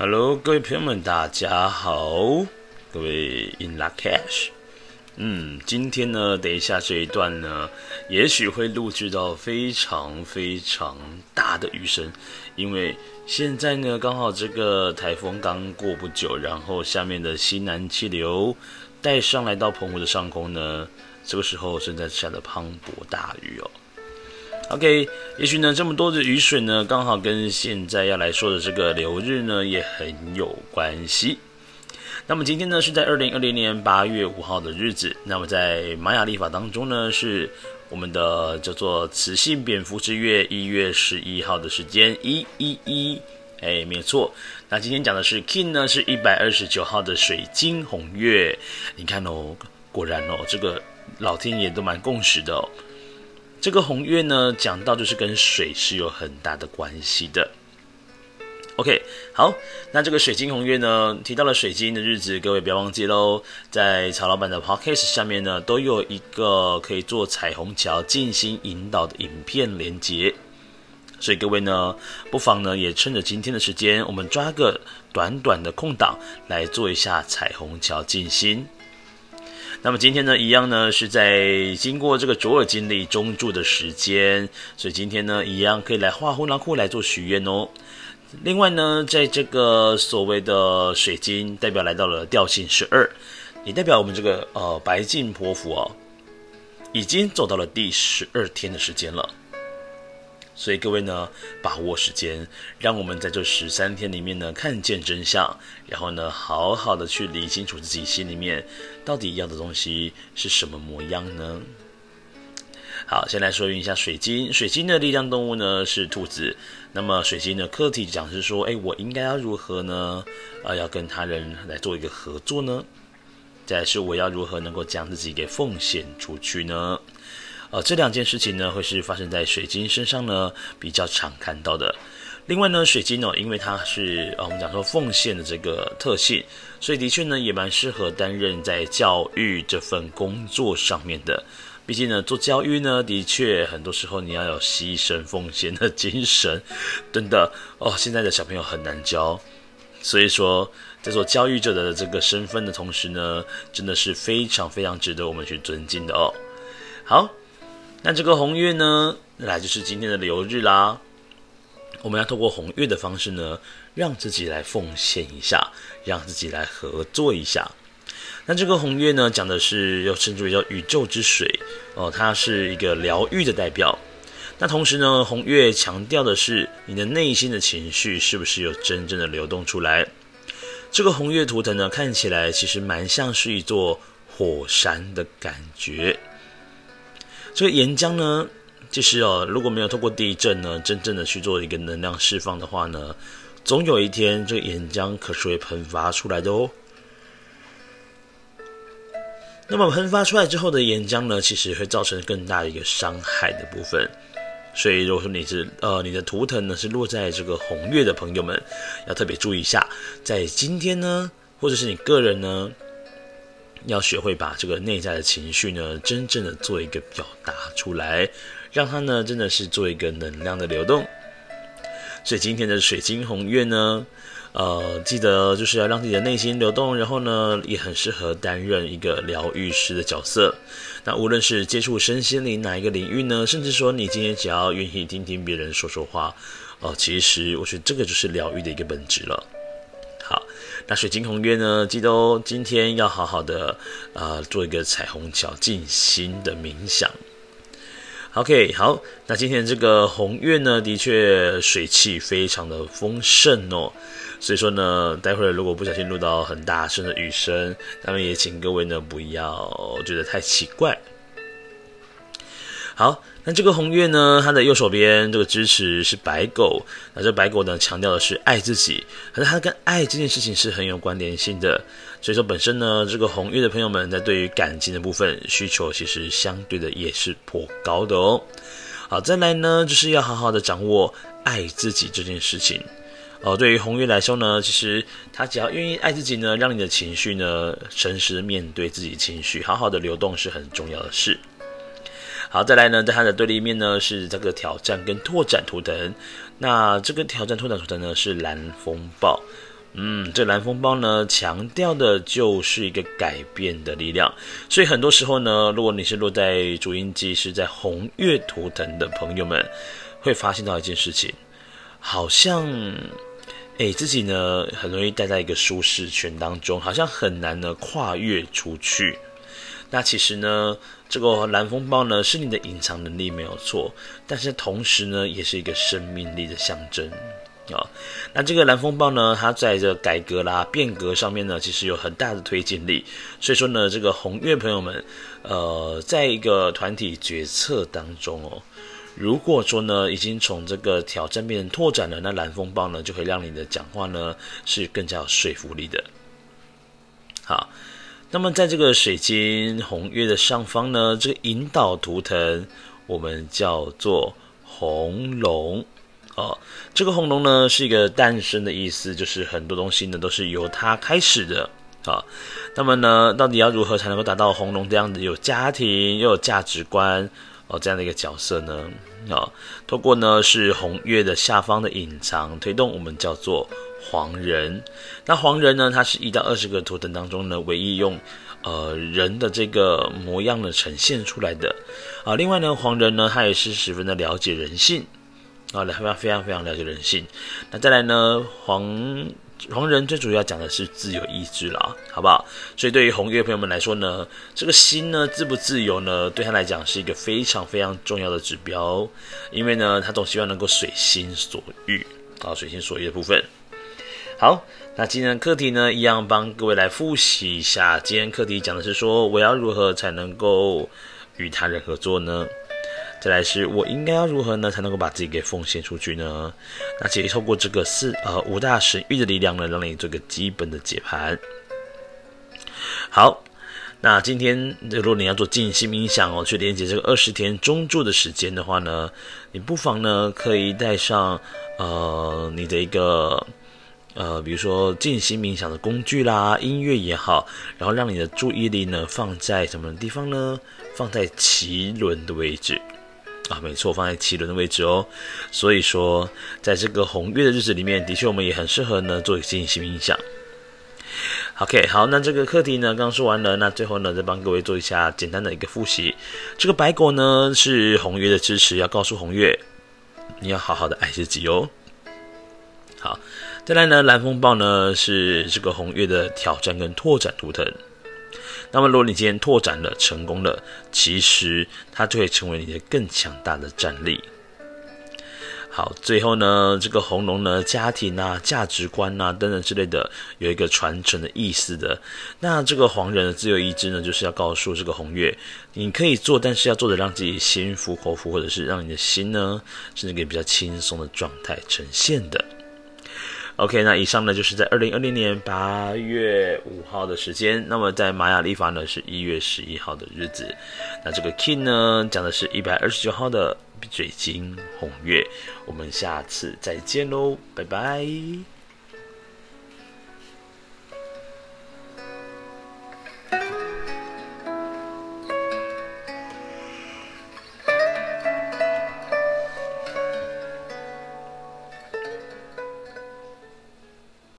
Hello，各位朋友們，大家好。各位 In lak'ech，嗯，今天呢，等一下這一段呢，也許會錄製到非常非常大的雨聲，因為現在呢，剛好這個颱風剛過不久，然後下面的西南氣流帶上來到澎湖的上空呢，這個時候正在下著的磅礴大雨哦。OK，也許呢，這麼多的雨水呢，剛好跟現在要來說的這個流日呢也很有關係。那麼今天呢是在二零二零年八月五號的日子，那麼在瑪雅曆法當中呢是我們的叫做磁性蝙蝠之月一月十一號的時間一一一，哎、欸，沒錯。那今天講的是 Kin 呢是一百二十九號的水晶紅月，你看哦，果然哦，這個老天爺都蠻共識的哦。這個紅月呢，講到就是跟水是有很大的關係的。OK，好，那這個水晶紅月呢，提到了水晶的日子，各位不要忘記嘍，在曹老板的 Podcast 下面呢，都有一個可以做彩虹橋靜心引導的影片連接，所以各位呢，不妨呢也趁着今天的時間，我們抓個短短的空檔來做一下彩虹橋靜心。那麼今天呢，一樣呢是在經過這個卓爾金曆中柱的時間，所以今天呢一樣可以來畫胡納庫來做許願哦。另外呢，在這個所謂的水晶代表來到了調性十二，也代表我們這個呃白鏡波符哦、啊，已經走到了第十二天的時間了。所以各位呢，把握時間，讓我們在這十三天裡面呢，看見真相，然後呢，好好的去理清楚自己心裡面，到底要的東西是什麼模樣呢？好，先來說一下水晶。水晶的力量動物呢，是兔子。那麼水晶的課題講是說，誒，我應該要如何呢？啊，要跟他人來做一個合作呢？再來是我要如何能夠將自己給奉獻出去呢？呃，這兩件事情呢，會是發生在水晶身上呢，比較常看到的。另外呢，水晶哦，因為它是呃、哦，我們講說奉獻的這個特性，所以的確呢，也蠻適合擔任在教育這份工作上面的。畢竟呢，做教育呢，的確很多時候你要有犧牲奉獻的精神，真的哦。現在的小朋友很難教，所以說在做教育者的這個身份的同時呢，真的是非常非常值得我們去尊敬的哦。好。那這個紅月呢，來就是今天的流日啦。我們要透過紅月的方式呢，讓自己來奉獻一下，讓自己來合作一下。那這個紅月呢，講的是又稱之為叫宇宙之水哦、呃，它是一個療癒的代表。那同時呢，紅月強調的是你的內心的情緒是不是有真正的流動出來。這個紅月圖騰呢，看起來其實蠻像是一座火山的感覺。這個岩漿呢，其實哦，如果沒有透過地震呢，真正的去做一個能量釋放的話呢，總有一天這個岩漿可是會噴發出來的哦。那麼噴發出來之後的岩漿呢，其實會造成更大的一個傷害的部分。所以如果說你是，呃，你的圖騰呢，是落在這個紅月的朋友們，要特別注意一下，在今天呢，或者是你個人呢。要學會把這個內在的情緒呢，真正的做一個表達出來，讓它呢，真的是做一個能量的流動。所以今天的水晶紅月呢，呃，記得就是要讓自己的內心流動，然後呢，也很適合擔任一個療癒師的角色。那無論是接觸身心靈哪一個領域呢，甚至說你今天只要願意聽聽別人說說話，哦，呃，其實我覺得這個就是療癒的一個本質了。那水晶紅月呢，記得哦，今天要好好的啊、呃，做一個彩虹橋靜心的冥想。OK，好。那今天這個紅月呢，的確水氣非常的豐盛哦，所以說呢，待會兒如果不小心錄到很大聲的雨聲，那麼也請各位呢，不要覺得太奇怪。好，那這個紅月呢，他的右手邊這個支持是白狗，那這白狗呢，強調的是愛自己，可是他跟愛這件事情是很有關聯性的，所以說本身呢，這個紅月的朋友們在對於感情的部分需求其實相對的也是頗高的哦。好，再來呢，就是要好好的掌握愛自己這件事情哦。對於紅月來說呢，其實他只要願意愛自己呢，讓你的情緒呢，誠實面對自己情緒，好好的流動是很重要的事。好，再來呢，在它的對立面呢是這個挑戰跟拓展圖騰。那這個挑戰拓展圖騰呢是藍風暴。嗯，這個藍風暴呢強調的就是一個改變的力量。所以很多時候呢，如果你是落在主印記是在紅月圖騰的朋友們，會發現到一件事情，好像，誒，自己呢很容易待在一個舒適圈當中，好像很難呢跨越出去。那其實呢？這個藍風暴呢，是你的隱藏能力沒有錯，但是同時呢，也是一個生命力的象徵啊。哦，那這個藍風暴呢，它在這個改革啦、變革上面呢，其實有很大的推進力。所以說呢，這個紅月朋友們，呃，在一個團體決策當中哦，如果說呢，已經從這個挑戰變成拓展了，那藍風暴呢，就可以讓你的講話呢，是更加有說服力的。好。那麼，在這個水晶紅月的上方呢，這個引導圖騰我們叫做紅龍，哦，這個紅龍呢是一個誕生的意思，就是很多東西呢都是由它開始的，啊、哦，那麼呢，到底要如何才能夠達到紅龍這樣的有家庭又有價值觀哦這樣的一個角色呢？啊、哦，透過呢是紅月的下方的隱藏推動，我們叫做，黃人，那黃人呢？他是一到二十個圖騰當中呢唯一用，呃，人的這個模樣的呈現出來的。啊，另外呢，黃人呢，他也是十分的了解人性，啊，非常非常非常了解人性。那再來呢，黃黃人最主要講的是自由意志啦，好不好？所以對於紅月朋友們來說呢，這個心呢，自不自由呢？對他來講是一個非常非常重要的指標，因為呢，他總希望能夠隨心所欲，啊，隨心所欲的部分。好，那今天的課題呢，一樣幫各位來複習一下。今天課題講的是說，我要如何才能夠與他人合作呢？再來是我應該要如何呢，才能夠把自己給奉獻出去呢？那其實透過這個四、呃五大神諭的力量呢，讓你做個基本的解盤。好，那今天如果你要做靜心冥想哦，去連接這個二十天中柱的時間的話呢，你不妨呢可以帶上呃，你的一個。呃，比如說進行冥想的工具啦，音樂也好，然後讓你的注意力呢放在什麼地方呢？放在臍輪的位置啊，沒錯，放在臍輪的位置哦。所以說，在這個紅月的日子裡面，的確我們也很適合呢做一個進行冥想。OK，好，那這個課題呢剛剛說完了，那最後呢再幫各位做一下簡單的一個復習。這個白狗呢是紅月的支持，要告訴紅月，你要好好的愛自己哦。好。再來呢，藍風暴呢是這個紅月的挑戰跟拓展圖騰。那麼，如果你今天拓展了成功了，其實它就會成為你的更強大的戰力。好，最後呢，這個紅龍呢，家庭啊、價值觀啊等等之類的，有一個傳承的意思的。那這個黃人的自由意志呢，就是要告訴這個紅月，你可以做，但是要做的讓自己心服口服，或者是讓你的心呢，甚至一個比較輕鬆的狀態呈現的。OK，那以上呢就是在二零二零年八月五號的時間，那麼在瑪雅曆法呢是一月十一號的日子，那這個 Kin 呢講的是一百二十九號的水晶紅月，我們下次再見嘍，拜拜。